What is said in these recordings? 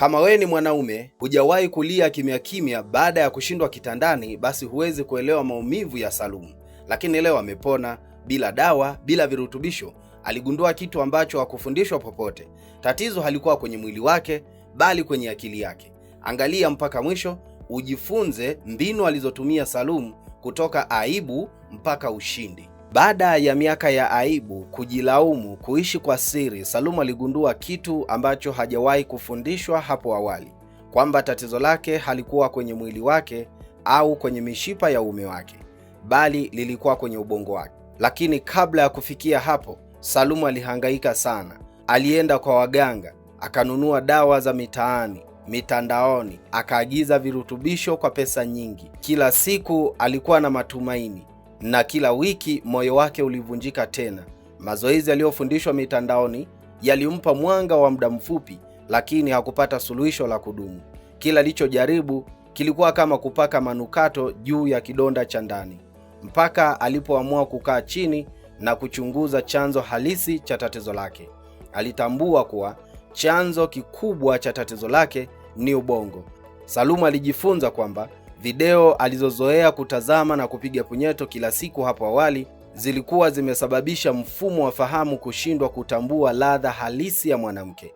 Kama wewe ni mwanaume hujawahi kulia kimya kimya baada ya kushindwa kitandani, basi huwezi kuelewa maumivu ya Salumu. Lakini leo amepona, bila dawa, bila virutubisho. Aligundua kitu ambacho hakufundishwa popote: tatizo halikuwa kwenye mwili wake, bali kwenye akili yake. Angalia mpaka mwisho, ujifunze mbinu alizotumia Salumu, kutoka aibu mpaka ushindi. Baada ya miaka ya aibu, kujilaumu, kuishi kwa siri, Salum aligundua kitu ambacho hajawahi kufundishwa hapo awali, kwamba tatizo lake halikuwa kwenye mwili wake au kwenye mishipa ya uume wake, bali lilikuwa kwenye ubongo wake. Lakini kabla ya kufikia hapo, Salum alihangaika sana. Alienda kwa waganga, akanunua dawa za mitaani mitandaoni, akaagiza virutubisho kwa pesa nyingi. Kila siku alikuwa na matumaini, na kila wiki moyo wake ulivunjika tena. Mazoezi aliyofundishwa mitandaoni yalimpa mwanga wa muda mfupi, lakini hakupata suluhisho la kudumu. Kila alichojaribu kilikuwa kama kupaka manukato juu ya kidonda cha ndani, mpaka alipoamua kukaa chini na kuchunguza chanzo halisi cha tatizo lake. Alitambua kuwa chanzo kikubwa cha tatizo lake ni ubongo. Salumu alijifunza kwamba Video alizozoea kutazama na kupiga punyeto kila siku hapo awali zilikuwa zimesababisha mfumo wa fahamu kushindwa kutambua ladha halisi ya mwanamke,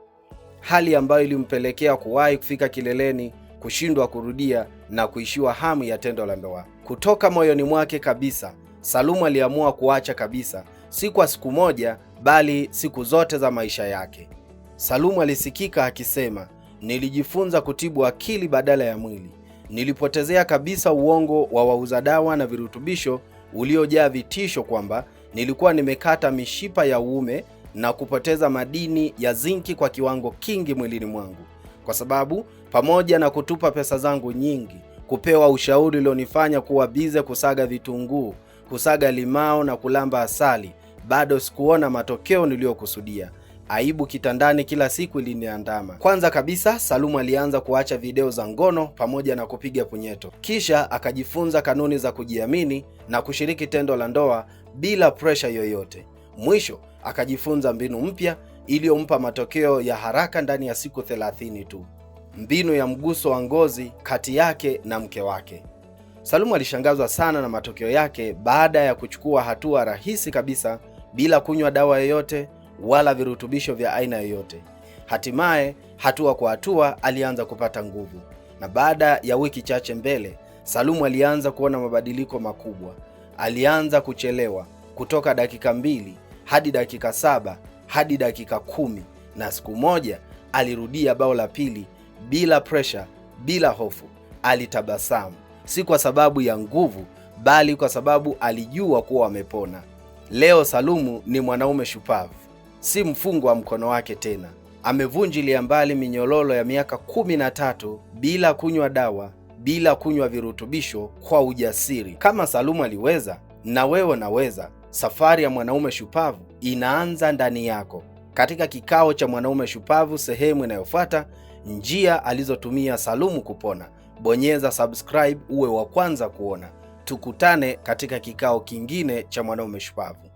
hali ambayo ilimpelekea kuwahi kufika kileleni, kushindwa kurudia na kuishiwa hamu ya tendo la ndoa. Kutoka moyoni mwake kabisa, Salumu aliamua kuacha kabisa, si kwa siku moja, bali siku zote za maisha yake. Salumu alisikika akisema, nilijifunza kutibu akili badala ya mwili. Nilipotezea kabisa uongo wa wauza dawa na virutubisho uliojaa vitisho kwamba nilikuwa nimekata mishipa ya uume na kupoteza madini ya zinki kwa kiwango kingi mwilini mwangu, kwa sababu pamoja na kutupa pesa zangu nyingi, kupewa ushauri ulionifanya kuwa bize kusaga vitunguu, kusaga limao na kulamba asali, bado sikuona matokeo niliyokusudia aibu kitandani kila siku iliniandama. Kwanza kabisa, Salumu alianza kuacha video za ngono pamoja na kupiga punyeto, kisha akajifunza kanuni za kujiamini na kushiriki tendo la ndoa bila presha yoyote. Mwisho akajifunza mbinu mpya iliyompa matokeo ya haraka ndani ya siku 30 tu, mbinu ya mguso wa ngozi kati yake na mke wake. Salumu alishangazwa sana na matokeo yake baada ya kuchukua hatua rahisi kabisa bila kunywa dawa yoyote wala virutubisho vya aina yoyote. Hatimaye, hatua kwa hatua, alianza kupata nguvu, na baada ya wiki chache mbele, Salumu alianza kuona mabadiliko makubwa. Alianza kuchelewa kutoka dakika mbili hadi dakika saba hadi dakika kumi na siku moja alirudia bao la pili bila presha, bila hofu. Alitabasamu, si kwa sababu ya nguvu, bali kwa sababu alijua kuwa amepona. Leo Salumu ni mwanaume shupavu si mfungo wa mkono wake tena. Amevunjilia mbali minyololo ya miaka kumi na tatu bila kunywa dawa, bila kunywa virutubisho, kwa ujasiri. Kama Salumu aliweza, na wewe unaweza. Safari ya mwanaume shupavu inaanza ndani yako. Katika kikao cha mwanaume shupavu, sehemu inayofuata, njia alizotumia Salumu kupona, bonyeza subscribe uwe wa kwanza kuona. Tukutane katika kikao kingine cha mwanaume shupavu.